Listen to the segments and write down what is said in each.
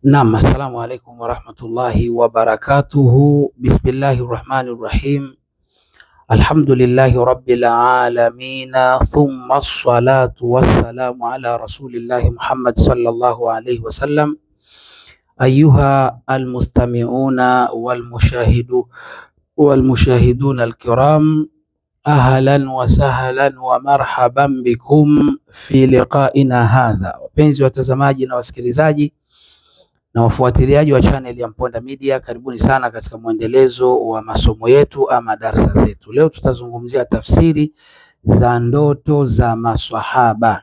Naam, assalamu alaikum warahmatullahi wabarakatuhu. Bismillahi rahmani rahim. Alhamdulillahi rabbil alamina thumma salatu wassalamu ala rasulillahi Muhammad sallallahu alaihi wasallam. Ayuha almustamiuna walmushahidu walmushahiduna alkiram, ahlan wa sahlan wa marhaban bikum fi liqaina hadha. Wapenzi watazamaji na wasikilizaji na wafuatiliaji wa channel ya Mponda Media, karibuni sana katika mwendelezo wa masomo yetu ama darasa zetu. Leo tutazungumzia tafsiri za ndoto za maswahaba,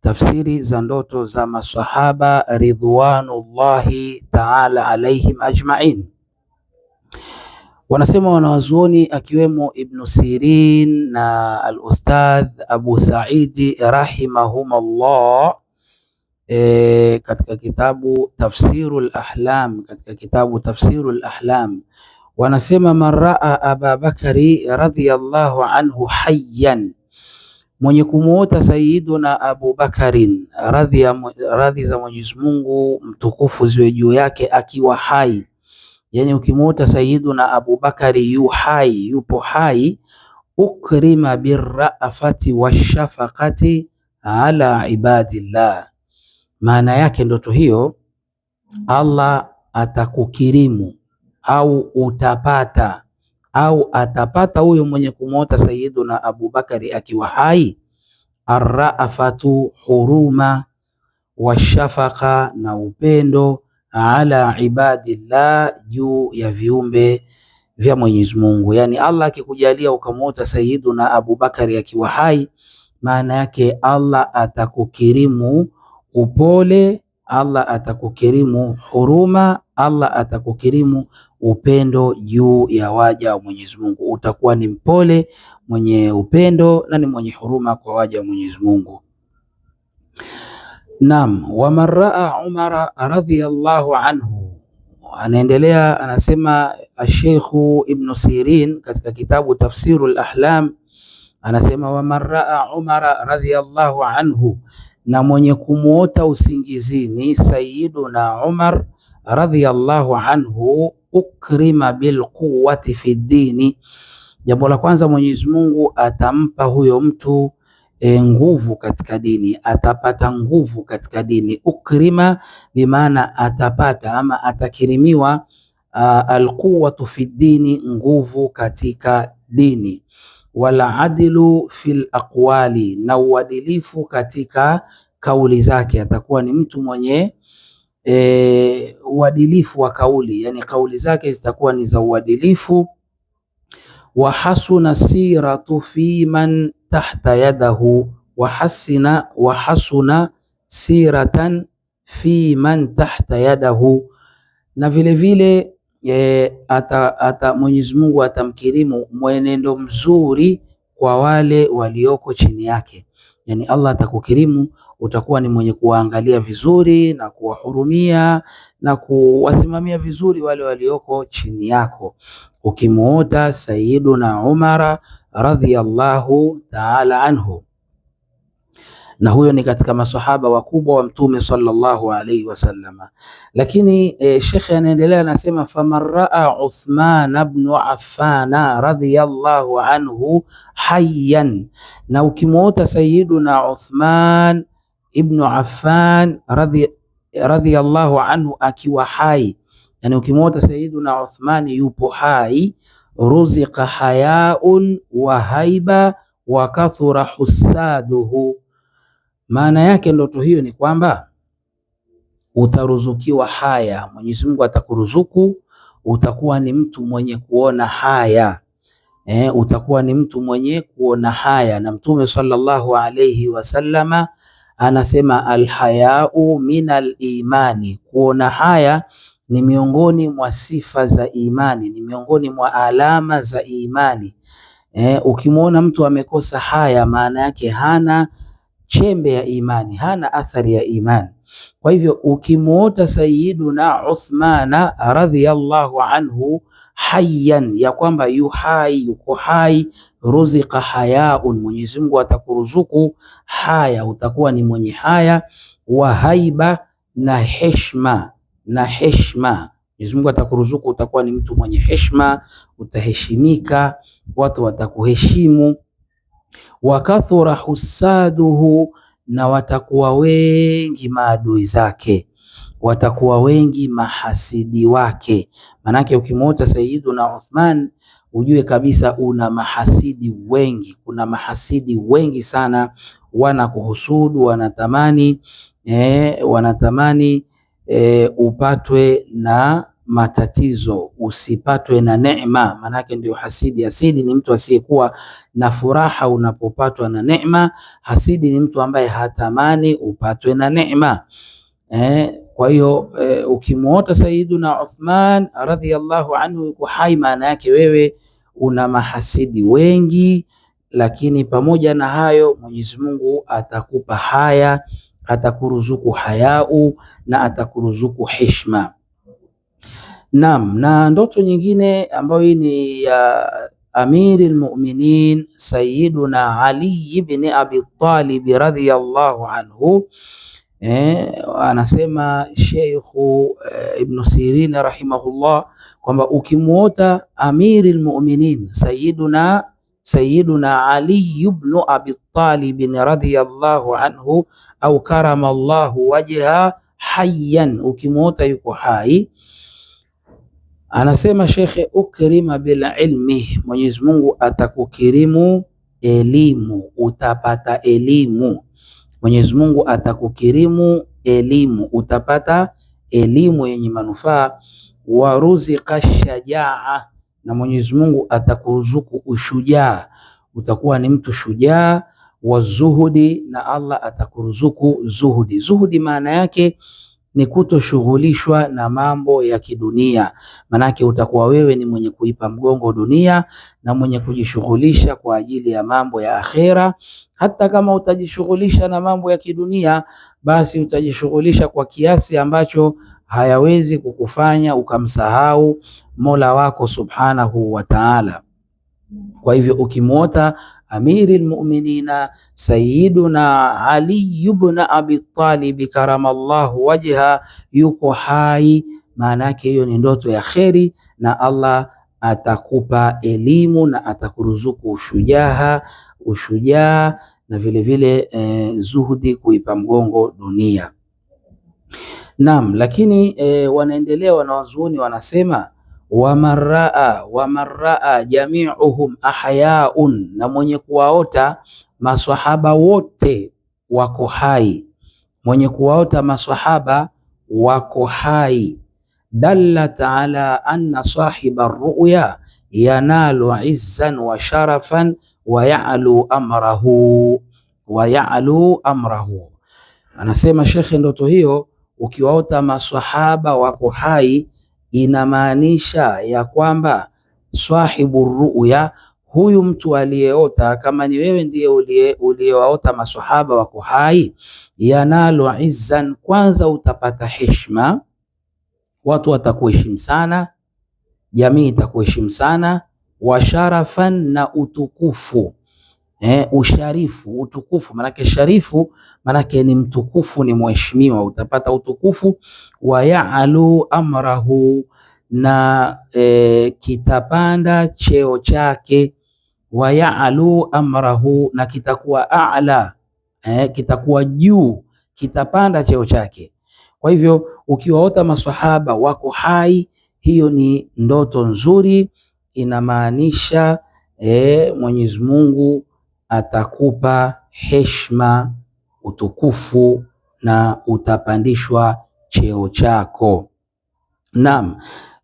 tafsiri za ndoto za maswahaba ridwanullahi taala alaihim ajmain. Wanasema wanawazuoni akiwemo Ibnu Sirin na al-Ustadh Abu Saidi rahimahumullah e, katika kitabu Tafsirul Ahlam, katika kitabu Tafsirul Ahlam wanasema man raa Ababakari radhiyallahu anhu hayyan, mwenye kumuota Sayyiduna bakarin radhi za Mwenyezi Mungu mtukufu ziwe juu yake akiwa hai, yani ukimuota Sayyiduna Abubakari yu hai, yupo hai ukrima birrafati washafaqati ala ibadillah maana yake ndoto hiyo Allah atakukirimu au utapata au atapata huyo mwenye kumwota Sayyiduna Abubakari akiwa hai, arraafatu huruma shafaka na upendo ala ibadillah, juu ya viumbe vya Mwenyezi Mungu. Yani Allah akikujalia ukamwota Sayyiduna Abubakari akiwa hai, maana yake Allah atakukirimu upole, Allah atakukirimu huruma, Allah atakukirimu upendo juu ya waja wa Mwenyezi Mungu. Utakuwa ni mpole, mwenye upendo na ni mwenye huruma kwa waja wa Mwenyezi Mungu. Naam, wa maraa Umara radhiyallahu anhu, anaendelea anasema asheikhu Ibnu Sirin katika kitabu Tafsiru ahlam anasema wa maraa Umara radhiyallahu anhu na mwenye kumuota usingizini Sayyiduna Umar radhiyallahu anhu ukrima bilquwati fi dini. Jambo la kwanza Mwenyezi Mungu atampa huyo mtu e, nguvu katika dini, atapata nguvu katika dini. Ukrima bimaana atapata ama atakirimiwa alquwatu fi dini, nguvu katika dini wala adlu fil aqwali, na uadilifu katika kauli zake. Atakuwa ni mtu mwenye e, uadilifu wa kauli, yani kauli zake zitakuwa ni za uadilifu. Wa hasuna siratu fi man tahta yadahu, wa hasina wa hasuna siratan fi man tahta yadahu, na vile vile yeye ata, ata Mwenyezi Mungu atamkirimu mwenendo mzuri kwa wale walioko chini yake. Yani Allah atakukirimu, utakuwa ni mwenye kuwaangalia vizuri na kuwahurumia na kuwasimamia vizuri wale walioko chini yako. Ukimuota Sayyiduna Umara radhiyallahu ta'ala anhu na huyo ni katika masahaba wakubwa wa Mtume sallallahu alaihi wasallama. Lakini e, shekhe anaendelea anasema, faman raa Uthman bnu Affana radhiyallahu anhu hayyan, na ukimwota Sayyiduna Uthman ibnu Affan radhi radhiyallahu anhu akiwa hai, yani ukimwota Sayyiduna Uthman yupo hai, ruziqa hayaun wa haiba wa kathura husaduhu maana yake ndoto hiyo ni kwamba utaruzukiwa haya, Mwenyezi Mungu atakuruzuku, utakuwa ni mtu mwenye kuona haya e, utakuwa ni mtu mwenye kuona haya. Na Mtume sallallahu alayhi wasallama anasema alhayau min alimani, kuona haya ni miongoni mwa sifa za imani, ni miongoni mwa alama za imani. E, ukimwona mtu amekosa haya, maana yake hana chembe ya imani, hana athari ya imani. Kwa hivyo ukimuota Sayyiduna Uthmana radhiyallahu anhu hayyan, ya kwamba yu hai, yuko hai, ruziqa hayaun, Mwenyezi Mungu atakuruzuku haya, utakuwa ni mwenye haya wa haiba na heshma, na heshma Mwenyezi Mungu atakuruzuku, utakuwa ni mtu mwenye heshma utaheshimika, watu watakuheshimu. Wakathura husaduhu, na watakuwa wengi maadui zake, watakuwa wengi mahasidi wake. Manake ukimwota Sayyiduna Uthman ujue kabisa una mahasidi wengi, kuna mahasidi wengi sana, wanakuhusudu, wanatamani eh, wanatamani eh, upatwe na matatizo, usipatwe na neema, manake ndio hasidi. Hasidi ni mtu asiyekuwa na furaha unapopatwa na neema. Hasidi ni mtu ambaye hatamani upatwe na neema eh. Kwa hiyo eh, ukimuota Sayyiduna Uthman radhiallahu anhu yuko hai, maana yake wewe una mahasidi wengi, lakini pamoja na hayo Mwenyezi Mungu atakupa haya, atakuruzuku hayau na atakuruzuku hishma. Naam, na ndoto nyingine ambayo hii ni ya Amiri lmuminin sayiduna Ali ibn Abi Talib radhiyallahu anhu eh, anasema Sheikhu eh, Ibn Sirin rahimahullah kwamba ukimwota Amiri lmuminin Sayyiduna Sayyiduna Ali ibn Abi Talib radhiyallahu anhu au karama Allahu wajha hayyan, ukimwota yuko hai Anasema shekhe, ukrima bil ilmi, Mwenyezi Mungu atakukirimu elimu, utapata elimu. Mwenyezi Mungu atakukirimu elimu, utapata elimu yenye manufaa. waruziqa shajaa, na Mwenyezi Mungu atakuruzuku ushujaa, utakuwa ni mtu shujaa. Wazuhudi, na Allah atakuruzuku zuhudi. Zuhudi maana yake ni kutoshughulishwa na mambo ya kidunia, manake utakuwa wewe ni mwenye kuipa mgongo dunia na mwenye kujishughulisha kwa ajili ya mambo ya akhera. Hata kama utajishughulisha na mambo ya kidunia, basi utajishughulisha kwa kiasi ambacho hayawezi kukufanya ukamsahau Mola wako Subhanahu wa Ta'ala. Kwa hivyo ukimwota amiri lmuminina Sayyiduna Ali ibn Abi Talib karamallahu wajha yuko hai. Maana yake hiyo ni ndoto ya kheri, na Allah atakupa elimu na atakuruzuku ushujaha ushujaa na vile e, zuhudi kuipa mgongo dunia. Naam, lakini e, wanaendelea wanawazuoni wanasema Wamaraa wamaraa jamiuhum ahyaun, na mwenye kuwaota maswahaba wote wako hai, mwenye kuwaota maswahaba wako hai. Dallat ala anna sahiba ruya yanalu izzan wa sharafan wa ya'lu amrahu wa ya'lu amrahu. Anasema shekhe, ndoto hiyo ukiwaota maswahaba wako hai inamaanisha ya kwamba swahibu ruya, huyu mtu aliyeota, kama ni wewe ndiye uliyewaota maswahaba wako hai, yanalo izzan, kwanza utapata heshima, watu watakuheshimu sana, jamii itakuheshimu sana, washarafan, na utukufu eh, usharifu, utukufu. Manake sharifu manake ni mtukufu, ni mheshimiwa, utapata utukufu wa yaalu amrahu na eh, kitapanda cheo chake wa yaalu amrahu na kitakuwa ala eh, kitakuwa juu, kitapanda cheo chake. Kwa hivyo ukiwaota maswahaba wako hai, hiyo ni ndoto nzuri, inamaanisha eh, Mwenyezi Mungu atakupa heshima, utukufu na utapandishwa cheo chako. Naam,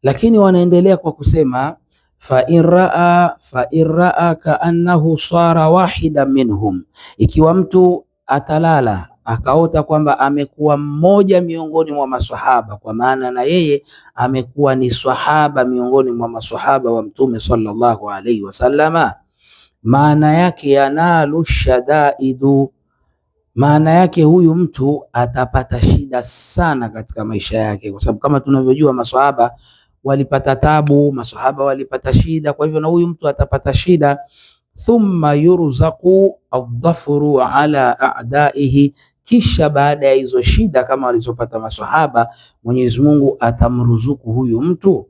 lakini wanaendelea kwa kusema fa inraa fa in kaannahu sara wahida minhum, ikiwa mtu atalala akaota kwamba amekuwa mmoja miongoni mwa maswahaba, kwa maana na yeye amekuwa ni swahaba miongoni mwa maswahaba wa Mtume sallallahu alaihi wasallama maana yake yanalu shadaidu, maana yake huyu mtu atapata shida sana katika maisha yake, kwa sababu kama tunavyojua maswahaba walipata tabu, maswahaba walipata shida. Kwa hivyo na huyu mtu atapata shida. Thumma yurzaqu aldhafru ala adaihi, kisha baada ya hizo shida kama walizopata maswahaba, Mwenyezi Mungu atamruzuku huyu mtu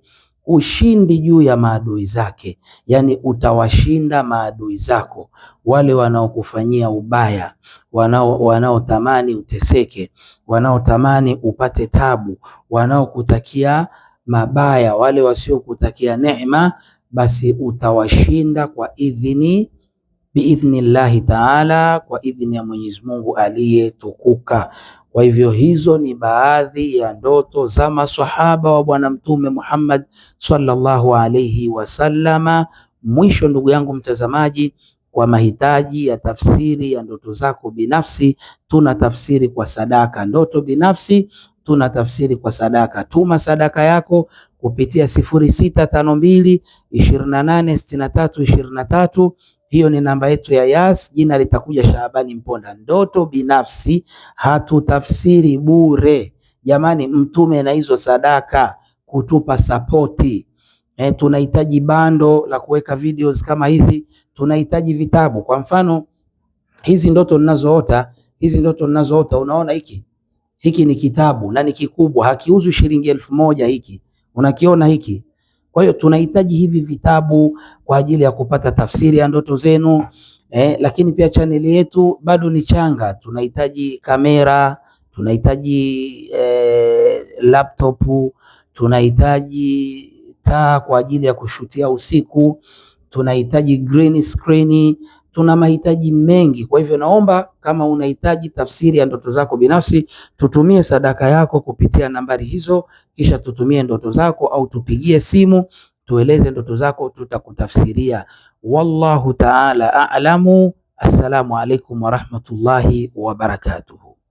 ushindi juu ya maadui zake, yaani utawashinda maadui zako, wale wanaokufanyia ubaya, wanaotamani wanao uteseke, wanaotamani upate tabu, wanaokutakia mabaya, wale wasiokutakia neema, basi utawashinda kwa idhini biidhnillahi taala, kwa idhini ya Mwenyezi Mungu aliyetukuka. Kwa hivyo hizo ni baadhi ya ndoto za maswahaba wa Bwana Mtume Muhammad sallallahu alaihi wasallama. Mwisho ndugu yangu mtazamaji, kwa mahitaji ya tafsiri ya ndoto zako binafsi, tuna tafsiri kwa sadaka ndoto binafsi, tuna tafsiri kwa sadaka. Tuma sadaka yako kupitia sifuri sita tano mbili ishirini na nane sitini na tatu ishirini na tatu hiyo ni namba yetu ya Yas, jina litakuja Shaabani Mponda. Ndoto binafsi hatutafsiri bure jamani, mtume na hizo sadaka kutupa sapoti e, eh, tunahitaji bando la kuweka videos kama hizi, tunahitaji vitabu. Kwa mfano hizi ndoto ninazoota, hizi ndoto ninazoota, unaona hiki hiki ni kitabu na ni kikubwa, hakiuzwi shilingi elfu moja hiki, unakiona hiki kwa hiyo tunahitaji hivi vitabu kwa ajili ya kupata tafsiri ya ndoto zenu eh, lakini pia chaneli yetu bado ni changa, tunahitaji kamera, tunahitaji eh, laptop, tunahitaji taa kwa ajili ya kushutia usiku, tunahitaji green screen tuna mahitaji mengi. Kwa hivyo, naomba kama unahitaji tafsiri ya ndoto zako binafsi, tutumie sadaka yako kupitia nambari hizo, kisha tutumie ndoto zako au tupigie simu tueleze ndoto zako, tutakutafsiria. Wallahu taala a'lamu. Assalamu alaikum warahmatullahi wabarakatuhu.